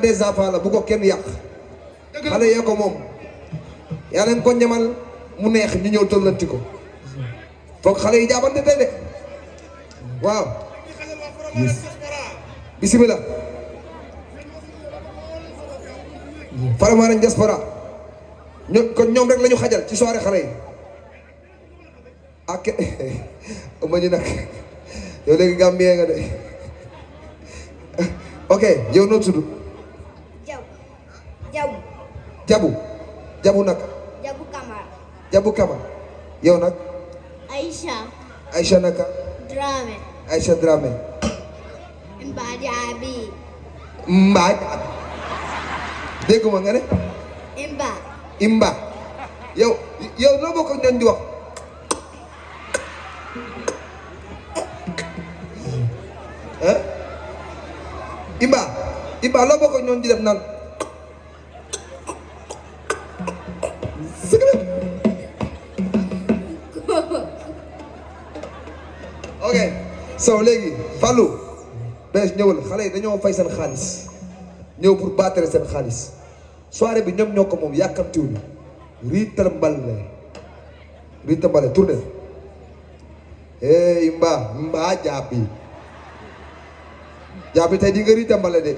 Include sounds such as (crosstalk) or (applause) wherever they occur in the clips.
hôpital des enfants la bu ko kenn yàq xale yee ko moom yaa leen ko ñamal mu neex ñu ñëw tollanti foog xale yi jaabante tey de waaw bismillah Faramaren diaspora ño kon ñoom rek la xajal ci soirée xale yi ak (laughs) ma ñu nag yow léegi Gambien nga de (laughs) ok yow noo tudd Aïcha Dramé. Mbaa Diaby. Mbaa Diaby. dégguma nga ne. Imba. Imba yow loo bokk di wax. ah Imba Imba loo bokk di def naan. Sow léegi Fallou Bes ñëwal xale yi dañoo fay seen xaalis ñëw pour battre seen xaalis soirée bi ñom ñoo ko moom yàkkamtiwuñu riital mbale riital mbale tourné hey mba mba jaabi jaabi tey di nga riital mbale de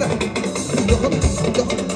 doxal doxal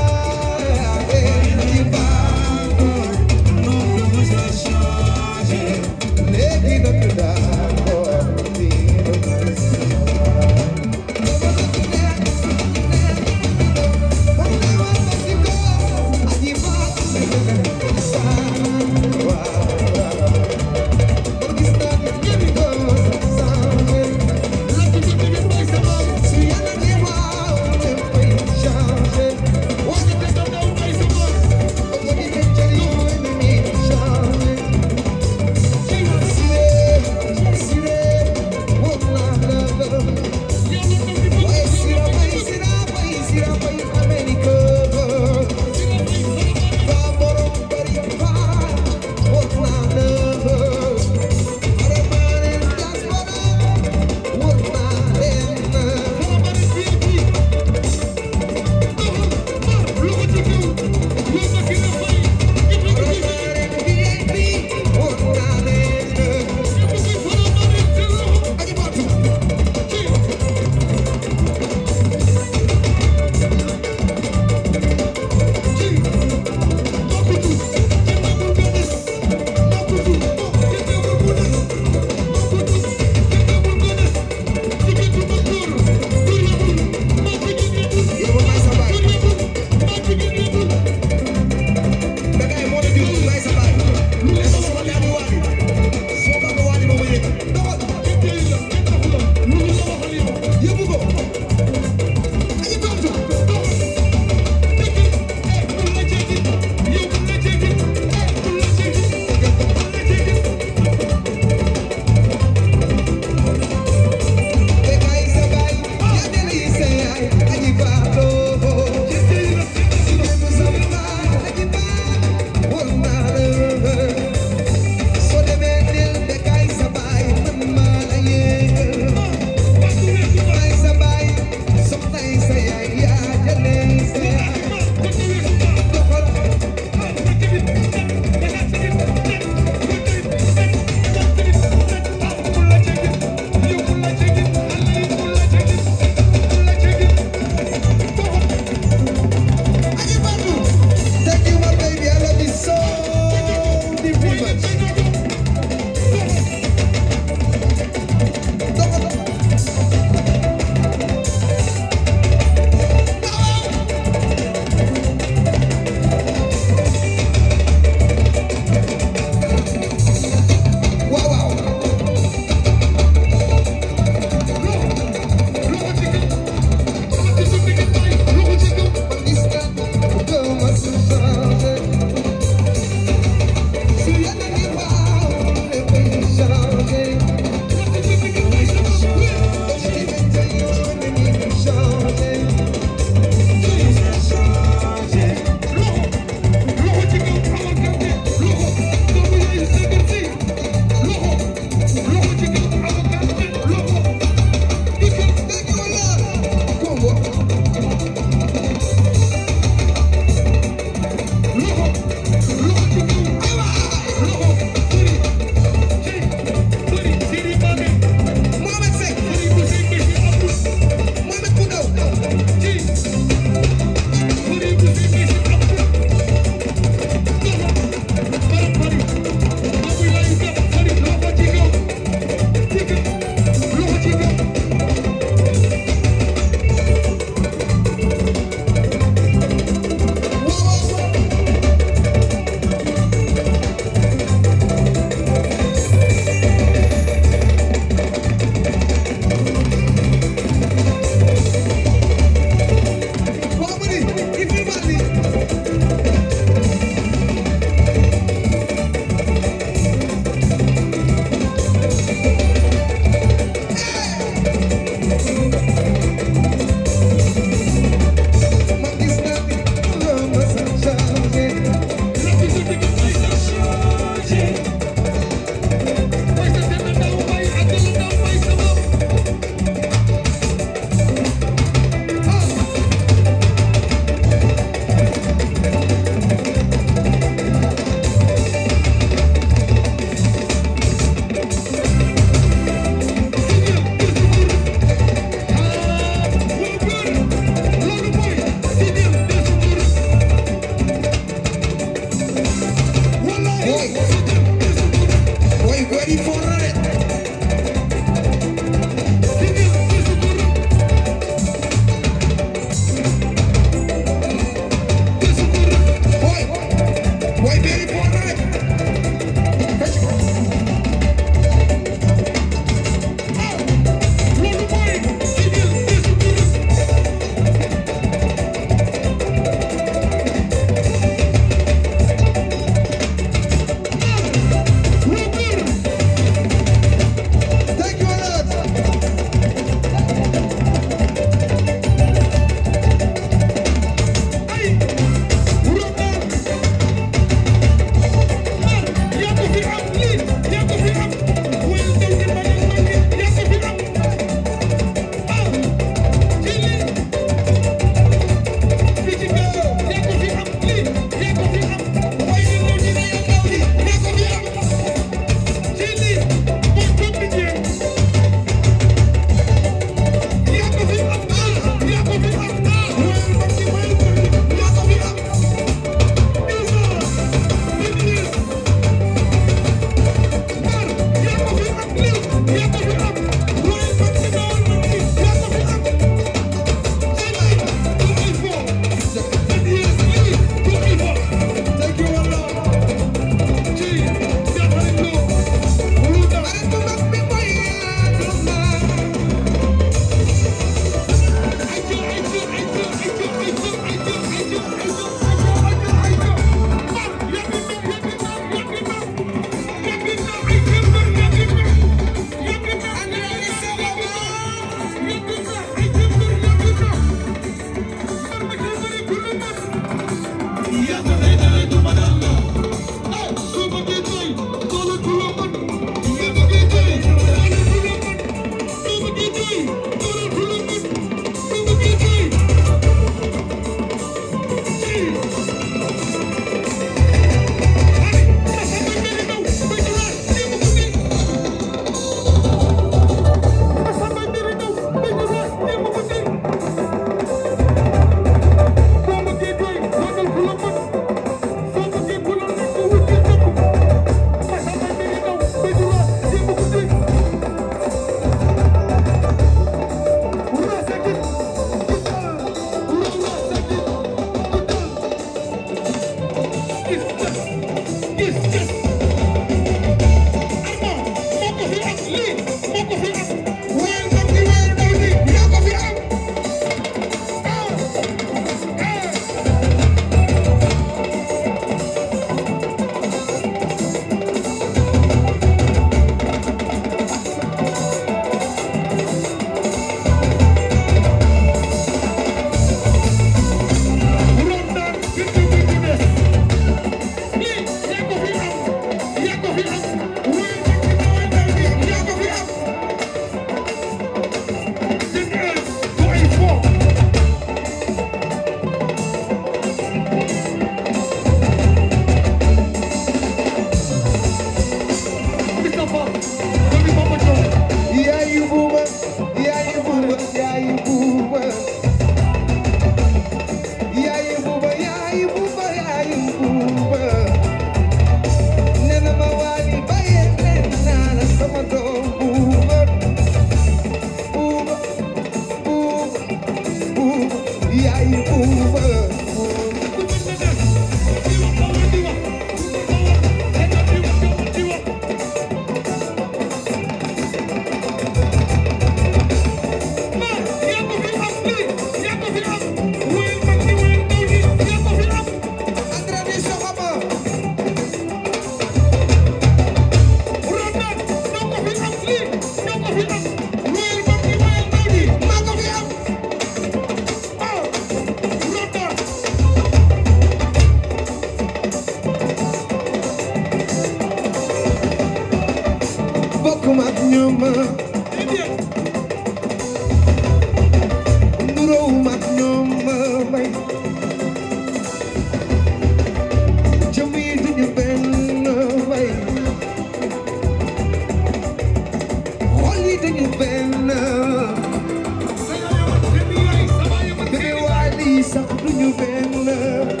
sax duñu benn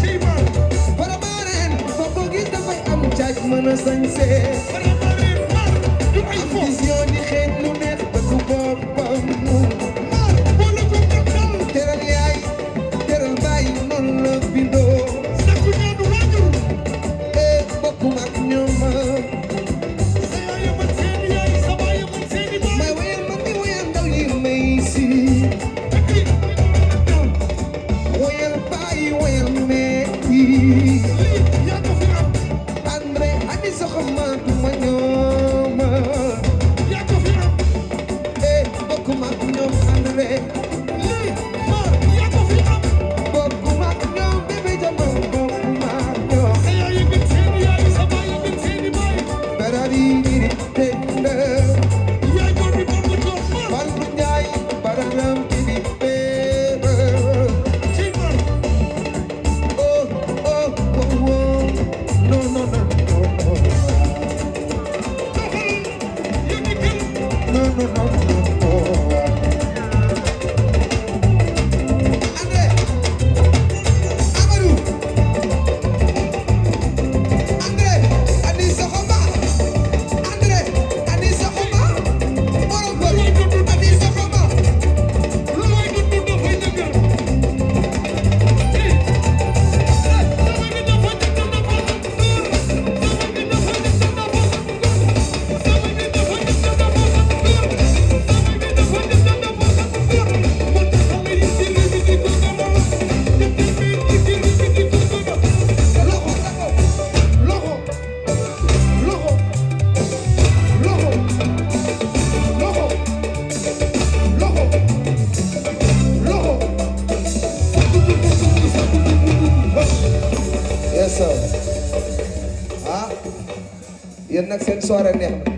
ci man bara bareen fa bëgg dafay am caaj mën a sañse soirée neex na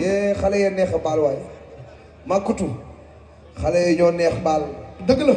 yee eh, xale yee neex a baal waaye Makutu xale yi ñoo neex baal dëgg la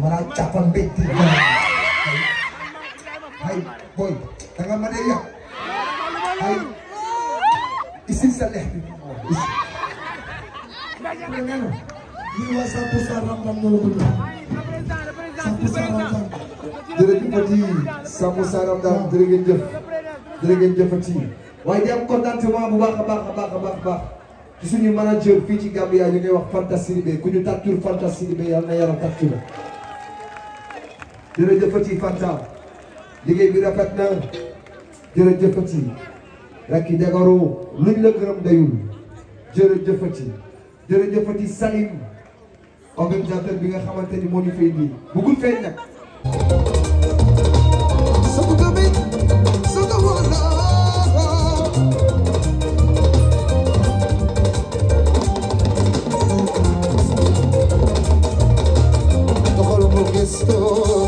wala cappal mbégte ay boy danga mën a yàq ay isil sa lex bi lii waa 100% Ramdan ñoo ko def 100% Ramdan jërëjëfati 100% Ramdan jërë ngeen jëf jërë waaye di am contentement bu baax a baax a baax a baax baax ci suñu fii ci Gambia ñu ngi wax Fanta Sidibé ku ñu tàttur Fanta Sidibé yàlla na yaram tàttu la jërëjëfati Fanta liggéey bi rafet na jërëjëfati rakki Jagaro luñ la gërëm dayul jërëjëfati jërëjëfati Salim organisateur bi nga xamante ni moo ñu fay nii bëggul feeñ nag. Cristo.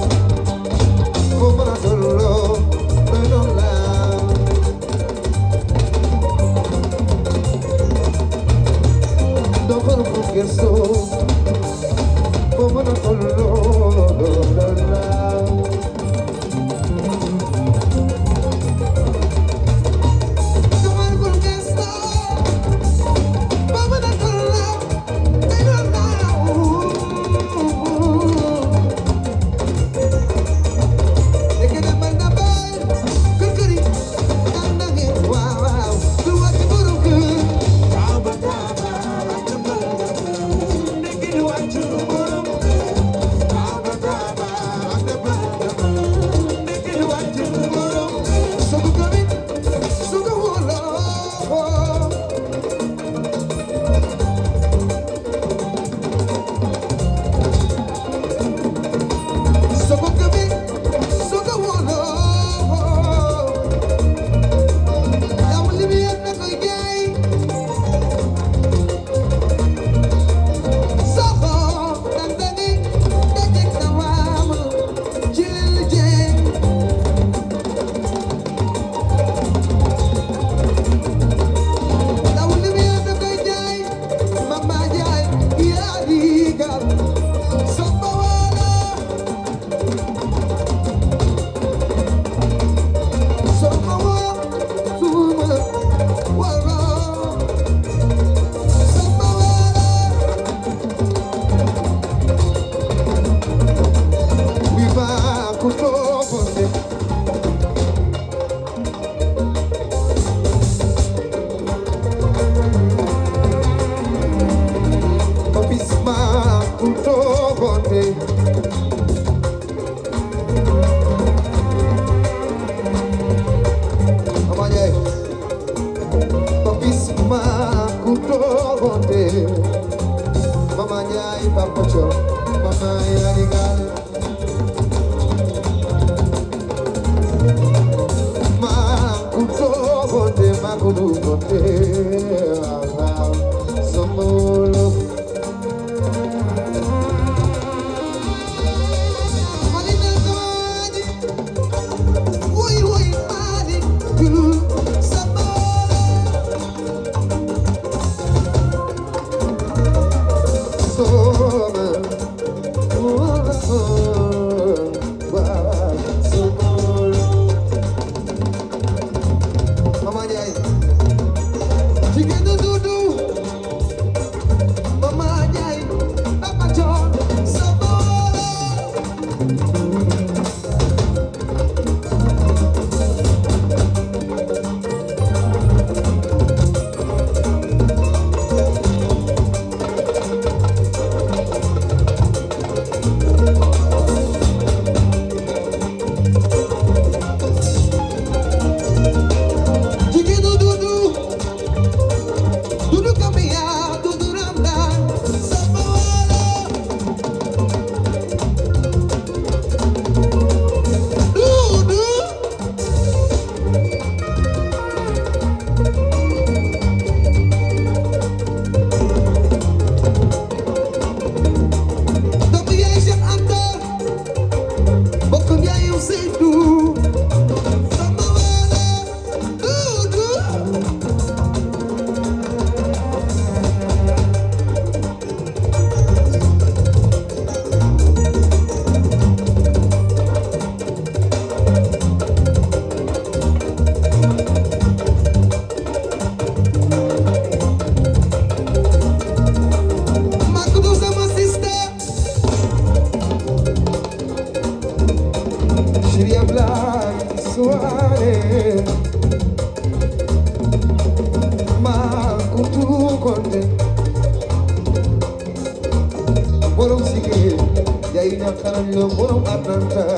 Atlanta.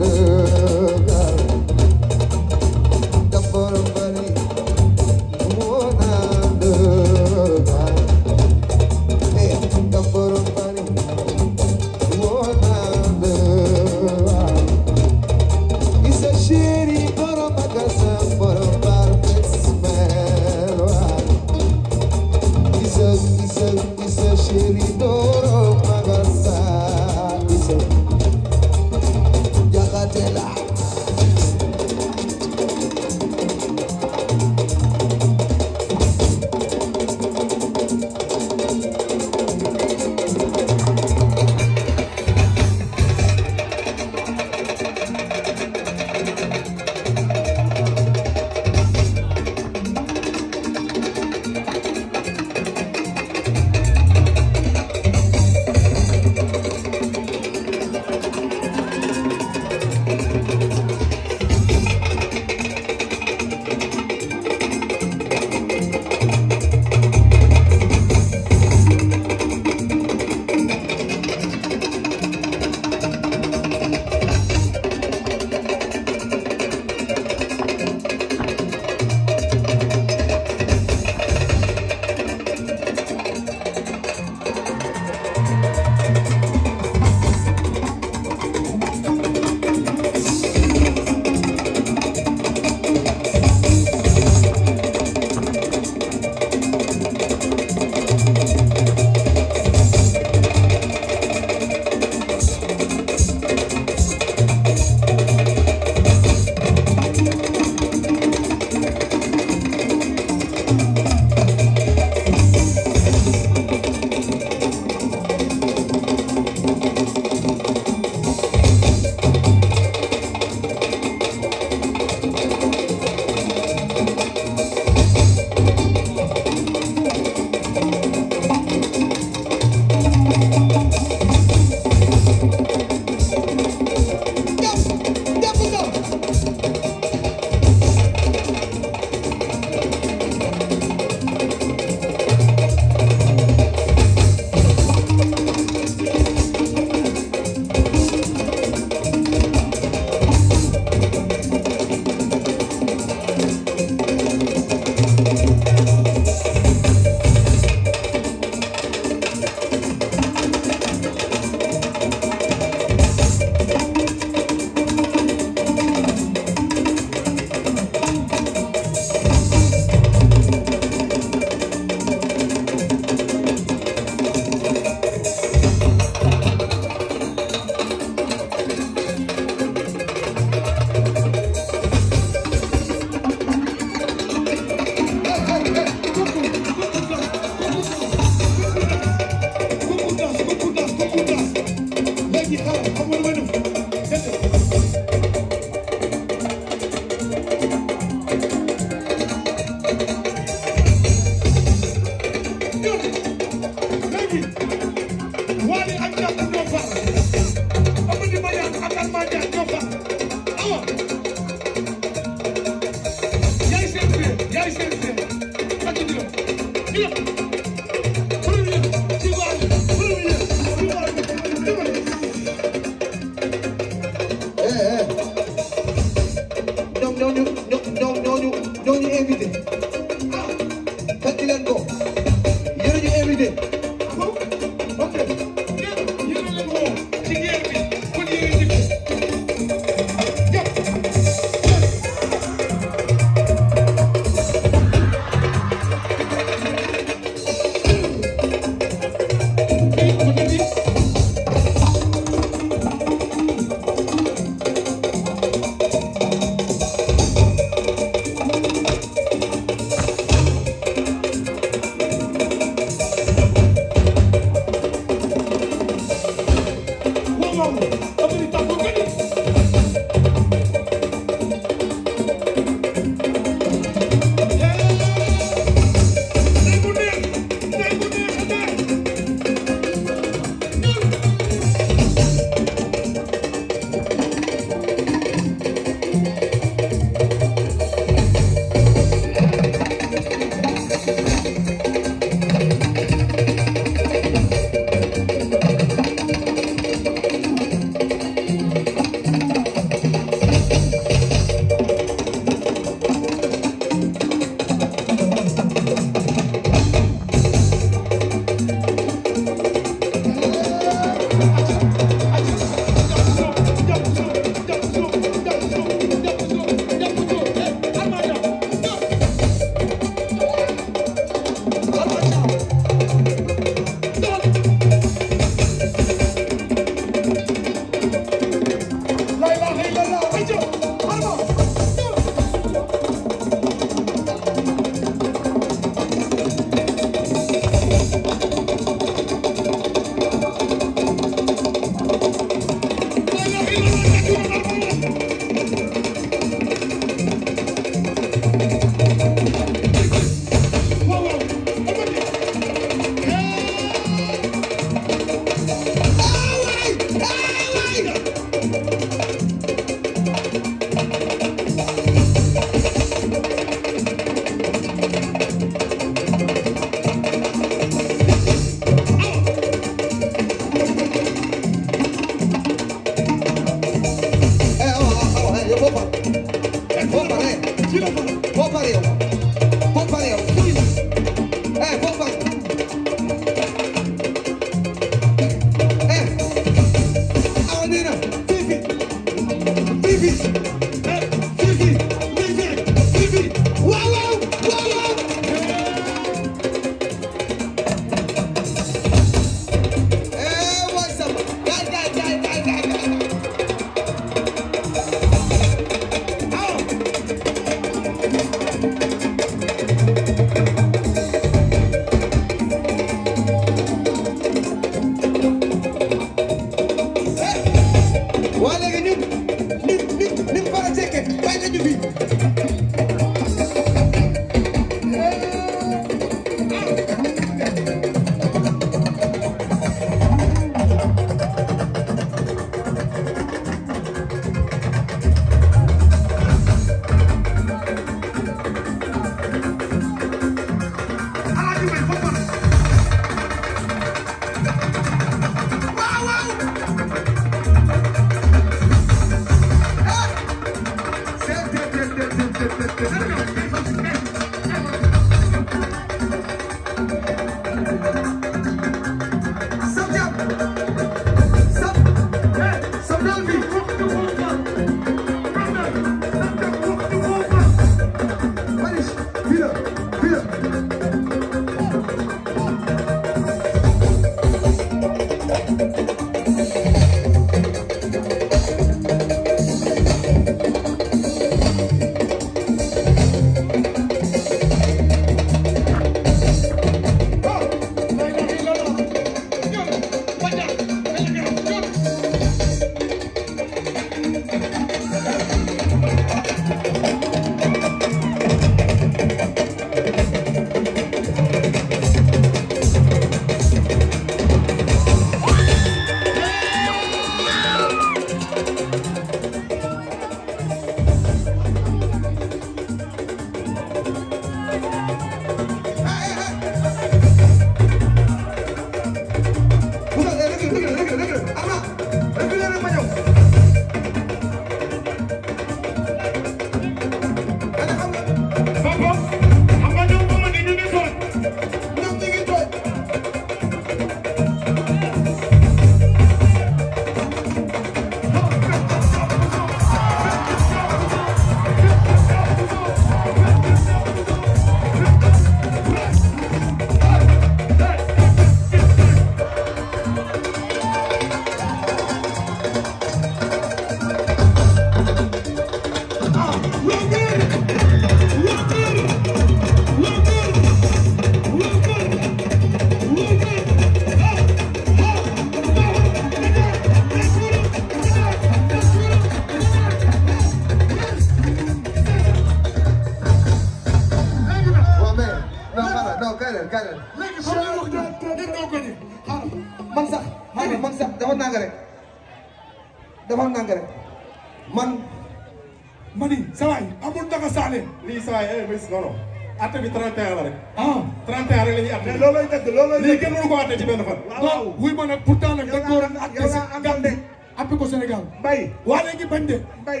26 non non atte bi 31 la rek. ah 31 rek la ñuy atte. mais loolooy dëgg loolooy dëgg lii kenn mënu ko atte ci benn fan. waaw wuy ma nag pourtant nag. yow laa am yow laa amoon de appe ko Sénégal. mbay waa léegi bañ de. mbay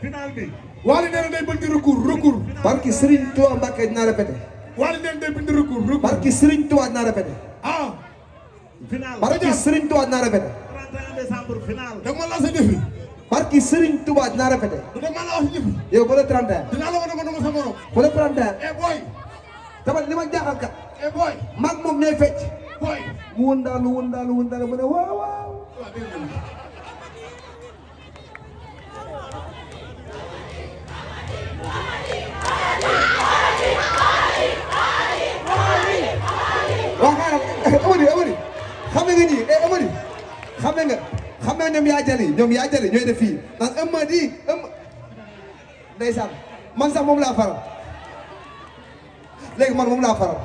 final bi. waali nee na day bind recours recours. barki Serigne Touba Mbacké dinaa répété. waali nee na day bind recours recours. barki Serigne Touba dinaa répété. ah. final barki Serigne Touba dinaa répété. 31 décembre final. da nga ma lancé défi. barki Serigne Touba dinaa répété. du dama la wax ñëpp. yow ba le 31. dinaa la wane ma dama sa morom. ba le 31. eh boy. tamit li ma jaaxal kat. eh boy. maag moom ñooy fecc. boy mu wëndaalu wëndaalu wëndaalu ba ne waaw waaw. waaw xaaral eh, Amady Amady xam nga nii eh Amady xam naa ñoom yaay jali ñoom yaay jali ñooy def fii naan ëmma di ëmma ndeysaan man sax moom laa faral léegi man moom laa faral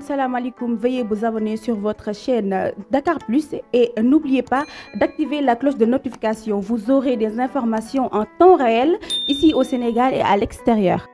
internautes, salam alaikum. Veuillez vous abonner sur votre euh, Plus et n'oubliez la cloche de notification. Vous aurez des en temps réel ici au Sénégal